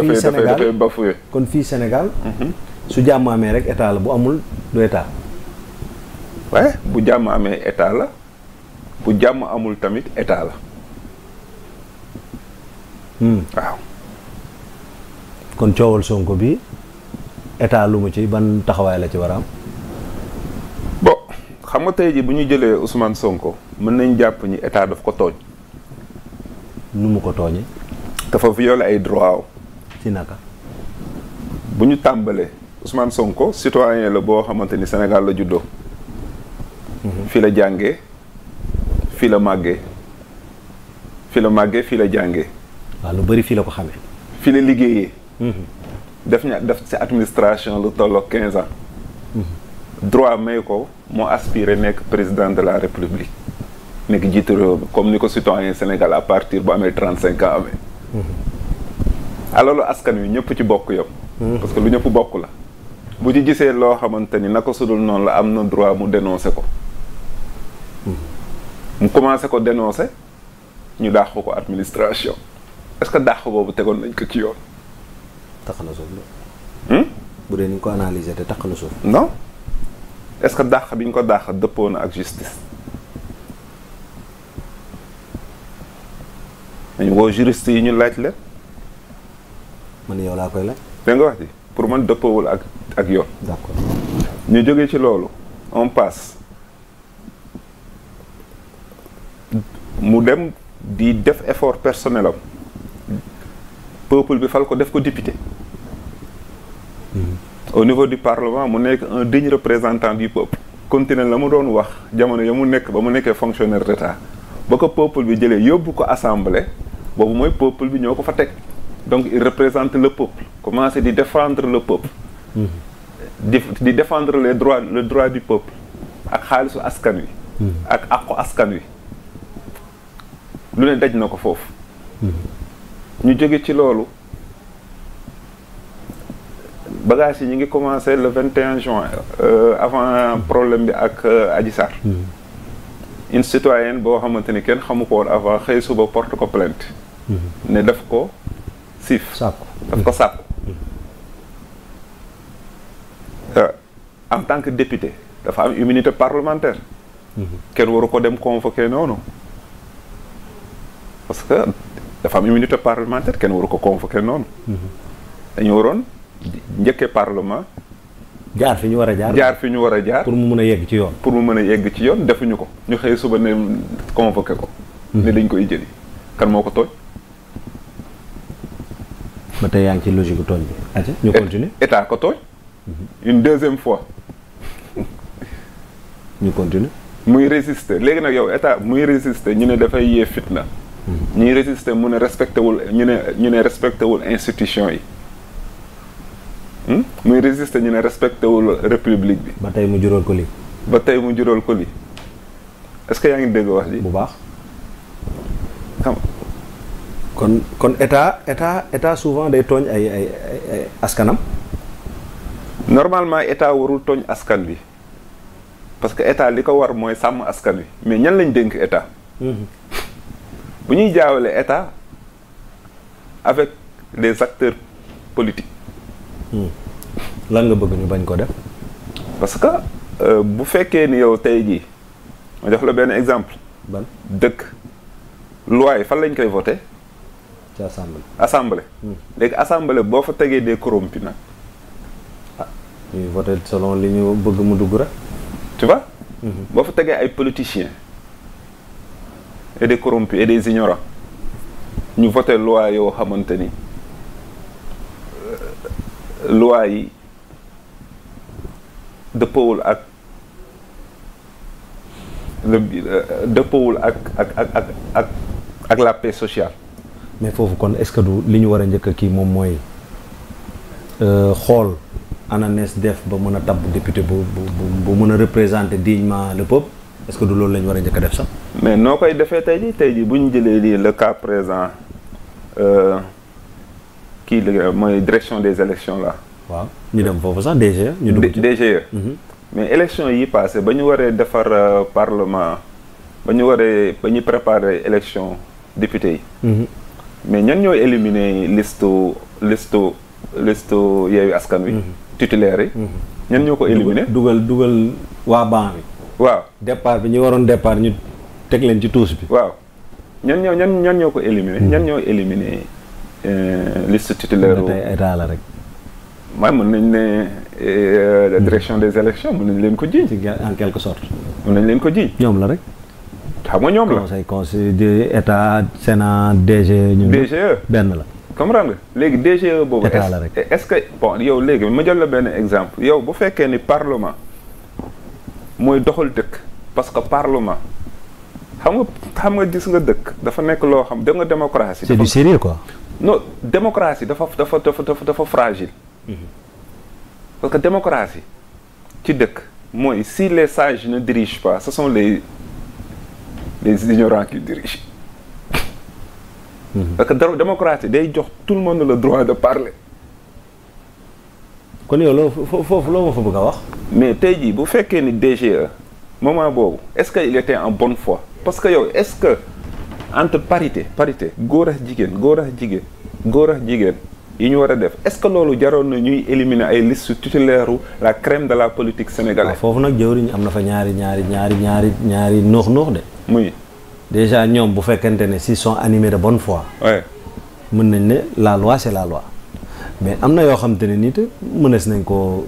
fii Sénégal kon fii Sénégal. Mhm. su jàmm amee rek état la bu amul du état. bu jàmm amee état la bu jàmm amul tamit état la. Hmm. kon coowal Sonko bi état lu ci ban taxawaay la ci war a am. nga tey ji bu ñu jëlee Ousmane Sonko mën nañ jàpp ni état daf ko tooñ. nu ko tooñee. dafa violer ay droit si nag bu ñu tàmbalee Ousmane Sonko citoyen la boo xamante ni Sénégal la juddoo. Mhm. fii la jàngee fii la màggee fii la màggee fii la jàngee. waaw lu bari fii la ko xamee. fii la liggéeyee. Mhm. def ña def ci administration lu tolloog quinze ans. Mhm. droit may ko moo aspiré nekk président de la république nekk jiitu réew mi comme ni ko citoyen Sénégal à partir bu amee trente cinq ans amee. alalu askan wi ñëpp ci bokk yam hmm. parce que lu ñëpp bokk la bu ci gisee loo xamante ni naka sudul noonu la am na droit mu dénoncé ko hmm. mu commencé ko dénoncé ñu dàq ko administration est-ce que dàq boobu tegoon nañ ko ci yoon tax na suuf la hmm? bu dee ni ñu ko analyser te na est-ce que dàq bi ñu ko dàq dëppoo na ak justice dañu boo juriste yi ñu laaj la man yow laa koy laaj. nga wax ji pour man dëppoowul ak ak yoon. ñu jóge ci loolu on passe mu dem di def effort personnel am bi fal ko def ko député. Mm-hmm. au niveau du parlement mu nekk un digne représentant du peuple. continuer la mu doon wax jamono ya mu nekk ba mu nekkee fonctionnaire d'état ba ko peuple bi jëlee yóbbu ko assemblée boobu mooy peuple bi ñoo ko fa teg. donc il représente le peuple commencé di défendre le peuple di di défendre les droits le droit du peuple ak xaalisu askan wi ak àqu askan wi lu ne daj na ko foofu ñu jóge ci loolu bagages yi ñu ngi commencé le 21 juin euh, avant problème bi ak euh, Adji Sarr une citoyenne boo xamante ni kenn xamu ko woon avant xëy suba porte ko plainte ne def ko siif sàkku daf ko sàkku mm-hmm. euh, en tant que député dafa am immunité parlementaire mm-hmm. kenn waru ko dem convoqué noonu parce que dafa am immunité parlementaire kenn waru ko convoqué noonu mm-hmm. dañu waroon njëkkee parlement jaar fi ñu war a jaar jaar fi ñu war a jaar pour mu mën a yegg ci yoon pour mu mën a yegg ci yoon defuñu ko ñu xëy suba ne convoqué ko ne dañ koy jëli kan moo ko tooñ ba tey yaa ngi ci logique bu tooñ bi. atia ñu continuer état ko tooñ. Mhm. une deuxième fois. ñu continuer muy résister léegi nag yow état muy résister ñu ne dafay yi fitna. Mhm. ñuy résister mu ne respecté wul ñu ne ñu ne respecté wul institution yi. Hmm? muy résister ñu ne respecté wul république bi. ba tey mu jural ko lii. ba tey mu juróol ko lii est-ce que yaa ngi dégg wax ji. bu baax xam kon kon état état état souvent day tooñ ay ay ay askanam. normalement état warul tooñ askan wi parce que état li ko war mooy sàmm askan wi mais ñan lañ dénk état. Mhm. bu ñuy jaawalee état avec les acteurs politiques. Hmm. lan nga bëgg ñu bañ ko def. parce que euh, bu fekkee ni yow tey jii ma jox la benn exemple. ban dëkk loi yi fan lañ koy voté. ci assemblée. assemblée. Hmm. léegi assemblée boo fa tegee de corrompus nag. ah ñuy voté selon li ñu bëgg mu dugg rek. tu vois. Hmm. boo fa tegee ay politiciens et de corrompus et des ignorants ñu vote loi yoo xamante ni euh, loi yi dëppowul ak euh, dëppawul ak ak ak ak ak la paix sociale. mais foofu kon est-ce que du li ñu war a njëkk a kii moom mooy euh, xool ananes def ba mën a tabb député bu bu mën a représenter dignement le peuple est que du loolu la ñu war a njëkk def sax. mais noo koy defee tey jii tey jii bu ñu jëlee lii le cas présent euh, kii la mooy direction des élections la waaw ñu dem foofu sax DGE. ñu dugg ci DGE. Mhm. mais élection yi passé ba ñu waree defar euh, parlement ba ñu waree ba ñu préparer élection député yi. Mhm. mais ñan ñoo éliminer listu listu listu yeewi askan wi. Mhm. titulaire yi. Mhm. ñan ñoo ko éliminer dugal dugal waa banc bi. waaw départ bi ñuy waroon départ ñu teg leen ci tuus bi. waaw ñan ñoo ñan ñan ñoo ko éliminer mhm. ñan ñoo éliminer euh, liste titulaire. bu tey état la rek. waaw mën nañ ne euh, la direction des élections mën nañ leen ko jiiñ. en quelque sorte. nañ leen ko jiiñ. ñoom la rek. xam nga ñoom la conseil conseil de état sénat DGE. ñu DGE benn la. comprendre nga léegi DGE boobu. état rek est-ce que bon yow léegi ma jël la benn exemple yow bu fekkee ni parlement mooy doxal dëkk parce que parlement xam nga xam nga gis nga dëkk dafa nekk loo xam dem nga démocratie. si du sérieux quoi. non démocratie dafa dafa dafa fragile. Mhm. parce que démocratie ci dëkk mooy si les sages ne dirigent pas ce sont les. les ignorants qui dirigent. Mhm. parce que démocratie day jox tout le monde la droit de parler. kon yow loo foofu loo ma fa bëgg a wax. mais tey jii bu fekkee ni DGE moment boobu est-ce que il était en bonne parce que yow est-ce que entre parité parité góor a jigéen góor a jigéen góor ak jigéen. yi ñu war a def est-ce que loolu jaroon na ñuy éliminer ay liste tutélaire la crème de la politique sénégalaise. Ah, foofu nag jëwriñ am na fa ñaari ñaari ñaari ñaari ñaari noox noox de. muy déjà ñoom bu fekkente ne si sont animés de bonne foi. ouais mën nañ ne la loi c'est la loi. mais am na yoo xam te ne nit mënees nañ ko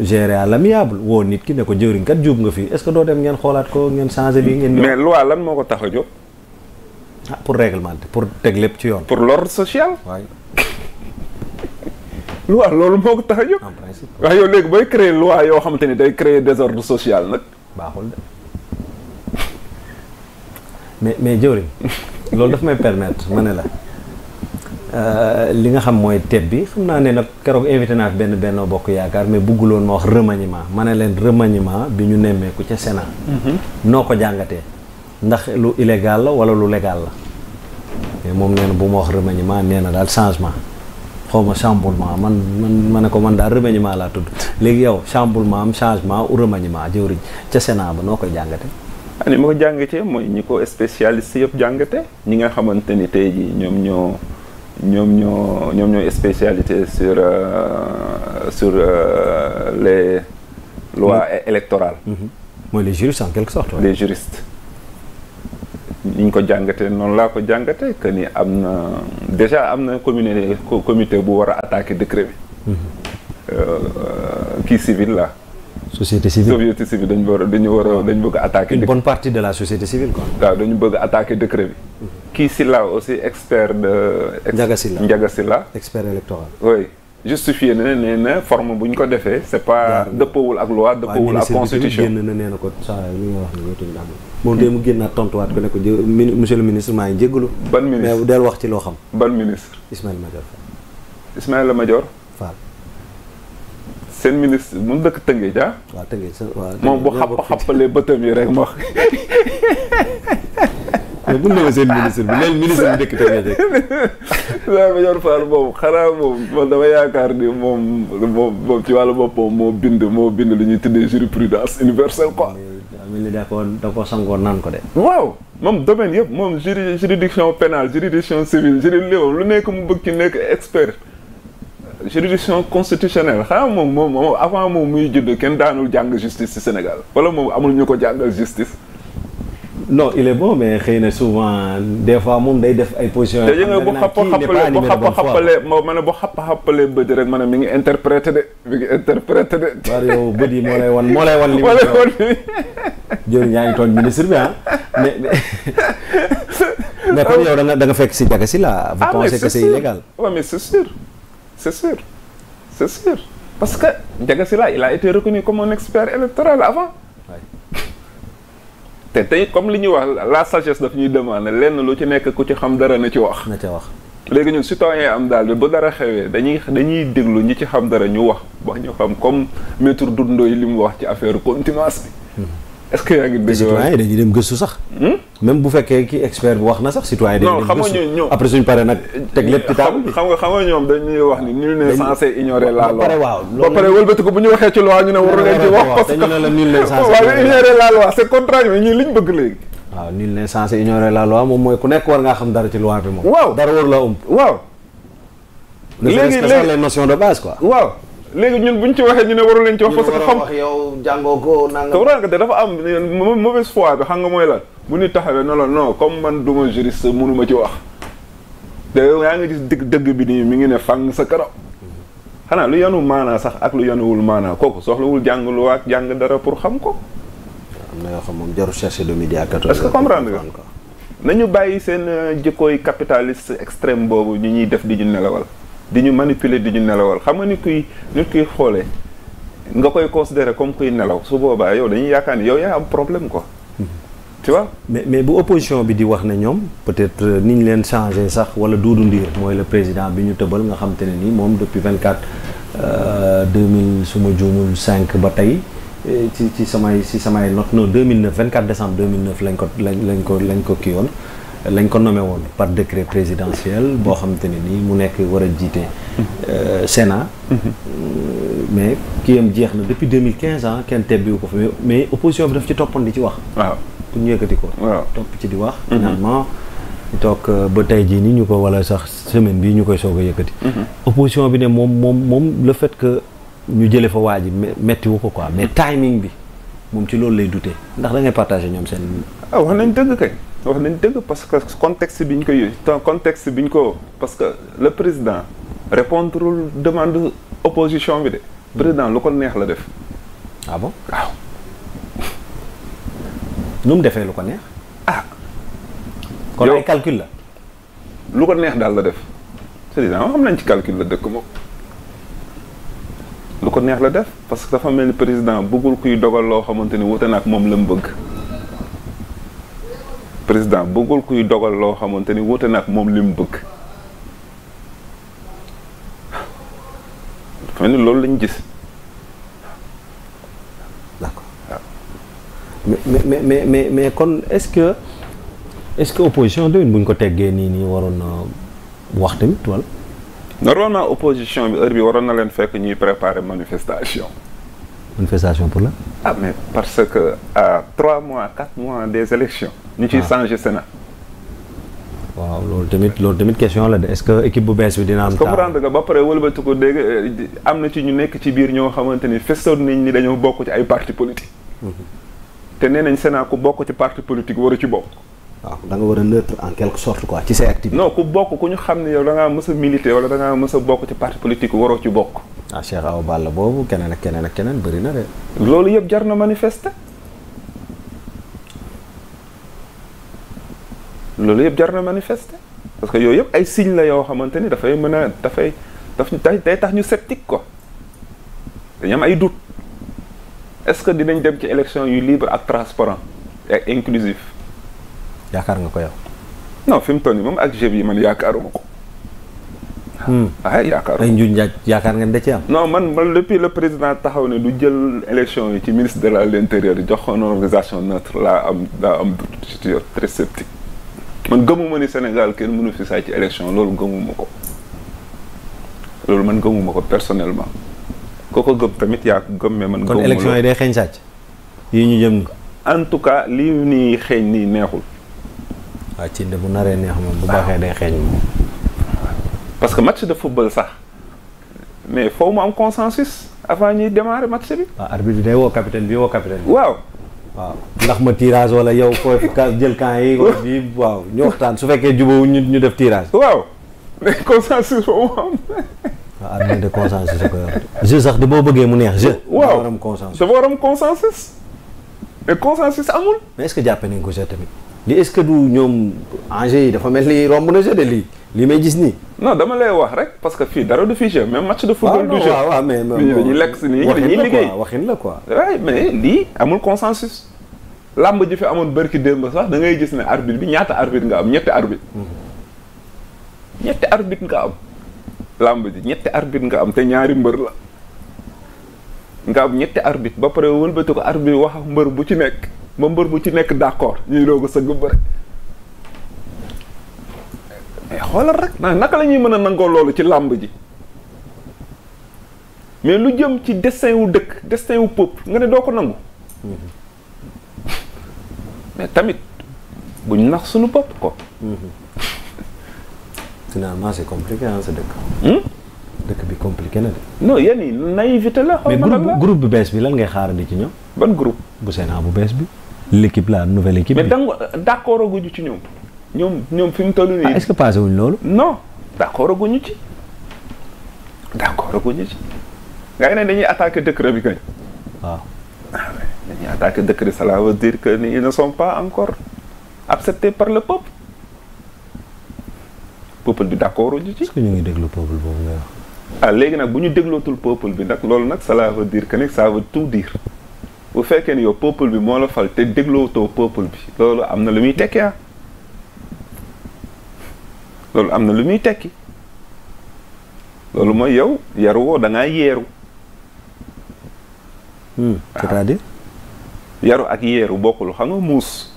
gérer à l'amiable woo nit ki ne ko jëwriñ kat juub nga fii est-ce doo dem ngeen xoolaat ko ngeen changer lii ngeen. mais loi lan moo ko tax a jóg. ah pour réglementer pour teg ci yoon. pour l'ordre social. loi loolu moo ko tax a jóg. en principe waaye yow léegi booy créer loi yoo xamante ni day créer désordre social nag. baaxul de mais mais jëwriñ loolu daf may permettre ma ne la. Euh, li nga xam mooy teb bi xam naa ne nag keroog invité naa benn benn bokk yaakaar mais bugguloon ma wax remaniement ma ne leen remaniement bi ñu nemmeeku ca Sénat. Mhm. noo ko jàngatee. ndax lu illégal la wala lu légal la. mais moom nee na bu ma wax remaniement nee na daal changement. xaw ma chamboulement man man ma ne ko man daal remaniement laa tudd léegi yow chamboulement am changement ou remaniement jëwriñ ca Sénat ba noo koy jàngate ah ni ma ko jàngatee mooy ñi ko spécialiste yëpp jàngate ñi nga xamante ni tey ñoom ñoo ñoom ñoo ñoom ñoo spécialité sur euh, sur euh, les lois mm-hmm. électorales mm-hmm. mooy les juristes en quelque sorte les juristes ñu ngi ko jàngatee noonu laa ko jàngate que ni am na déjà am na communauté comité bu war a attaquer décret bi. Mm-hmm. Euh, kii civil la. société civile société civile dañu war a dañu war a dañu bëgg a attaquer. une bonne partie de la société civile quoi. waaw dañu bëgg a attaquer décret bi. Mm-hmm. kii si la aussi expert de. Ndiaga Sylla Ndiaga Sylla expert électoral. oui. justifié na ne na forme bu ñu ko defee c'est pas dëppawul ak loi dëppawul ak constitution génn na nee na ko saa li wax ne wetuñ daam moom de mu génnaat tontuwaat ko ne ko monsieur le ministre maa ngi jéggalu ban ministre mais del wax ci loo xam ban ministre Ismaïla Madior Fall Ismaïla Madior Fall seen ministre mu dëkk Tëngéej ah waaw Tëngéej moom bu xapp xappalee bëtam yi rek ma wax mais bu ñu demee seen ministre bi leen ministre bi dëkk tege ci. waaw Major Fall moom xanaa moom man dama yaakaar ni moom moom moom ci wàllu boppam moo bind moo bind lu ñuy tuddee jurisprudence universelle quoi. mel ni da koo da koo sangoon naan ko de. waaw moom domaine yëpp moom juri juridiction pénale juridiction civile juridiction lu nekk mu bëgg ci nekk expert. juridiction constitutionnelle xanaa moom moom avant moom muy judd kenn daanul jàng justice ci Sénégal wala moom amul ñu ko jàngal justice. non il est bon mais xëy na souvent des fois moom day def ay positions. yoo xam ne bu xappa xappale bu xappa xappale ma ne bu xappa xappale bët rek ma ne mi ngi interprété de mi ngi interprété de. waaw yow bët yi moo lay wan moo lay wan. li mu jëriñ yaa ngi tooñ ministre bi ah mais mais comme ah yow da nga da nga fekk si jaga si la. Ah, vous pensez que c'est illégal. waaw mais c'est sûr c'est sûr c'est sûr parce que jaga si la il a été reconnu comme un expert électoral avant. te tey comme li ñuy wax la sagesse daf ñuy demande lenn lu ci nekk ku ci xam dara na ci wax. nga ci wax léegi ñun citoyen am daal bi bu dara xewee dañuy dañuy déglu ñi ci xam dara ñu wax wax ñu xam comme maître Dundoy li mu wax ci affaire contumace bi. Hmm. est-ce que yaa ngi dégg citoyen yi dañuy dem gëstu sax. Hmm? même bu fekkee ki expert bi wax na sax citoyen yi dañuy dem gëstu non après suñ paree nag teg lépp ci table bi. xam nga xam nga ñoom dañuy wax ni ñu ne censé ignorer la loi. ba pare waaw ba pare wëlbati bu ñu waxee ci loi ñu ne waru la nul n'est censé ignorer la loi c'est contraire ñii liñ bëgg léegi. waaw nul n'est censé ignorer la loi moom mooy ku nekk war ngaa xam dara ci loi bi moom. waaw dara waru la um. waaw. léegi léegi les notions de base quoi. léegi ñun bu ñu ci waxee ñu ne waru leen ci wax parce que xam yow jàngoo ko nangam te dafa am mauvaise foi bi xam nga mooy lan bu ñu taxawee ne la non comme man du ma juriste mënuma ci wax yaa ngi gis dëgg dëgg bi nii mi ngi ne fang sa karaw xanaa lu yanu maanaa sax ak lu yanuwul maanaa kooku soxlawul jàng lu waat jàng dara pour xam ko am na yoo xam moom jaru de midi à 14 est-ce que comprendre nga bàyyi seen euh, jëkkooy capitaliste extrême boobu ñu ñuy def di ñu nelawal di ñu manipuler di ñu nelawal xam nga nit kuy nit kuy xoolee nga koy considere comme kuy nelaw su boobaa yow dañuy yaakaar ni yow yaa am problème ko tu vois. mais mais bu opposition bi di wax ne ñoom peut-être euh, ni ñu leen changé sax wala Doudou Ndir mooy le président bi ñu tëbal nga xam te ne nii moom depuis 24 euh, deux su suma juumul 5 ba tey euh, ci ci samay ci samay note non 2009 24 décembre 2009 lañ ko lañ lañ ko lañ ko ki woon. lañ ko nommé woon par décret présidentiel boo xam ne nii mu nekk war a jiite euh, Sénat mm-hmm. euh, mais kii am jeex na depuis 2015 ah kenn tebbiwu ko fa mais opposition bi daf ci toppoon di ci wax yëkkati ko waaw topp ci di wax mm-hmm. finalement ñu toog euh, ba tey jii ni ñu ko wala sax semaine bi ñu koy soog a yëkkati mm-hmm. opposition bi ne moom moom moom le fait que ñu jële fa waa ji metti wu ko quoi mais timing bi moom ci loolu lay dutee ndax da ngay ñoom seen ah wax nañ dëgg kay wax nañ dëgg parce que contexte bi ñu ko yooyu contexte bi ñu ko parce que le président répondrul demande opposition bi de président lu ko neex la def. ah bon waaw. nu mu defee lu ko neex. ah. kon ay calcul la. lu ko neex daal la def. président xam nañ ci calcule la dëkk moom. lu ko neex la def parce que dafa mel ni président bëggul kuy dogal loo xamante ni wute na ak moom la mu bëgg. président bëggul kuy dogal loo xamante ni wute nag moom li mu bëgg dafa mel ni loolu lañu gis d'accord waaw mais mais mais kon est-ce que est-ce que opposition tamit bu ñu ko teggee nii nii waroon na wax tamit wala normalement opposition bi heure bi waroon na leen fekk ñuy préparer manifestation manifestation pour la ah mais parce que à trois mois quatre mois des élections ñu ci ah. changé Sénat waaw loolu tamit loolu tamit question la de est-ce que équipe bu bees bi dina am. comprendre nga ba pare wëlbatu ko dégg eh, am na ci ñu nekk ci biir ñoo xamante ni festoon nañ ni dañoo bokk ci ay parti politique. Mm-hmm. te nee nañ Sénat ku bokk ci parti politique waru ci bokk. waaw da nga war a neutre en quelque sorte quoi ci say activités. non ku bokk ku ñu xam ne yow da ngaa mës a militer wala da ngaa mës ci parti politique waroo ci bokk. saa ah, Cheikh Awa Balla boobu keneen ak keneen ak keneen bëri na loolu yëpp jar na manifester. loolu yëpp jar na manifeste parce que yooyu yëpp ay signe la yoo xamante ni dafay mën a dafay daf day tax ñu sceptique ko dañu am ay doute est-ce que dinañ dem ci élection yu libre ak transparent ak inclusif yaakaar nga ko yow. non fi mu toll nii moom ak jëf yi man yaakaaruma ko. Ah, ah yaakaar ay njuñ njaaj yaakaar ngeen da ci am. no man man depuis le président taxaw ne du jël élection yi ci ministre de la jox ko organisation neutre laa am laa am toujours très sceptique man gëmuma ni Sénégal kenn mënu fi saa ci élection loolu gëmuma ko loolu man gëmuma ko personnellement ko ko gëm tamit yaa gëm mais man. kon élection yi day xeeñ sàcc yi ñu jëm ni en tout cas lii nii xeeñ nii neexul. waaw ci bu naree neex moom day xeeñ parce que match de football sax mais foo mu am consensus avant ñuy démarrer match bi. waaw ah, arbitre bi day woo capitaine bi woo capitaine bi. waaw. waaw ndax ma tirage wala yow fooy jël camp yi. waaw ñu waxtaan su fekkee jubóowu ñu ñu def tirage. waaw mais consensus foo mu am. waaw ah, arbitre de consensus la koy wax. jeu sax de boo bëggee mu neex jeu. waaw dafa war a am consensus. dafa war amul. mais est-ce que jàppee nañ ko tamit. li est-ce que du ñoom enjeu yi dafa mel ni romb na jeu lii li may gis nii. non dama lay wax rek parce que fii dara du fi jeu même match de football. Ah du jeu waaw waaw mais dañuy lekk si nii dañuy liggéey waxin la quoi waaye mais lii amul consensus. làmb ji fi amoon bërki démb sax da ngay gis ne arbitre bi ñaata arbitre nga am ñetti arbitre. Mm-hmm. ñetti nga am. làmb ji ñetti arbitre nga am te ñaari mbër la. nga am ñetti arbitre ba pare wëlbati ko arbitre wax mbër bu ci nekk. ba mbër bu ci nekk d'accord ñuy ko a sëgg bëre mais xoolal rek naka lañuy mën a nangoo loolu ci làmb ji mais lu jëm ci destin wu dëkk destin wu peuple nga ne doo ko nangu mais tamit buñ nax sunu bopp ko finalement c'est compliqué ah sa dëkk hmm? dëkk bi compliqué na de non yéen yi naïveté la mais groupe groupe bu bees bi lan ngay xaarandi ci ñoom ban group bu Sénat bu bees bi l'équipe la nouvelle équipe. mais danga d'accord guñu ci ñoom. ñoom ñoom fi mu toll nii. Ah, est-ce que passé wuñ loolu. non d'accord guñu ci. d'accord guñu ci. nga ne dañuy attaquer décret bi kay. waaw. Ah. Ah dañuy attaquer décret cela veut dire que ils ne sont pas encore acceptés par le pop peuple bi d'accord ñu ci. est-ce ñu ngi déglu peuple boobu nga wax. ah léegi nag bu ñu déglootul peuple bi nag loolu nag cela veut dire que nag ça veut bu fekkee ni yow peuple bi moo la fal te déglootoo peuple bi loolu am na lu muy tekki ah. loolu am na lu muy tekki loolu mooy yow yaruwoo da ngaa yeeru hmm, c'est-à-dire ah. yaru ak yeeru bokkul xam nga muus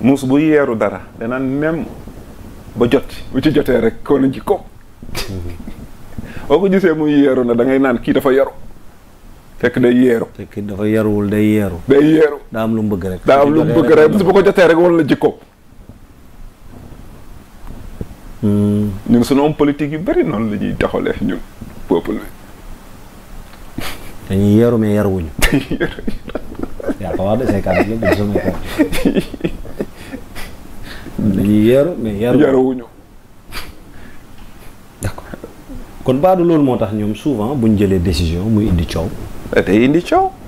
muus bu yeeru dara danaan même ba jot bu ci jotee rek ko na ji ko hmm. boo ko gisee muy yeeru na da ngay naan kii dafa yaru fekk day yeeru fekk dafa yaruwul day yeeru day yeeru daa am lu mu bëgg rek daa am lu mu bëgg rek bis bu ko jotee rek wala la jikko hmm. ñun sunu homme politique yu bëri noonu la ñuy taxalee dañuy yeeru mais yaruwuñu yaa ko wax de kon baadu loolu moo tax ñoom souvent bu ñu jëlee décision muy indi coow day indi coow.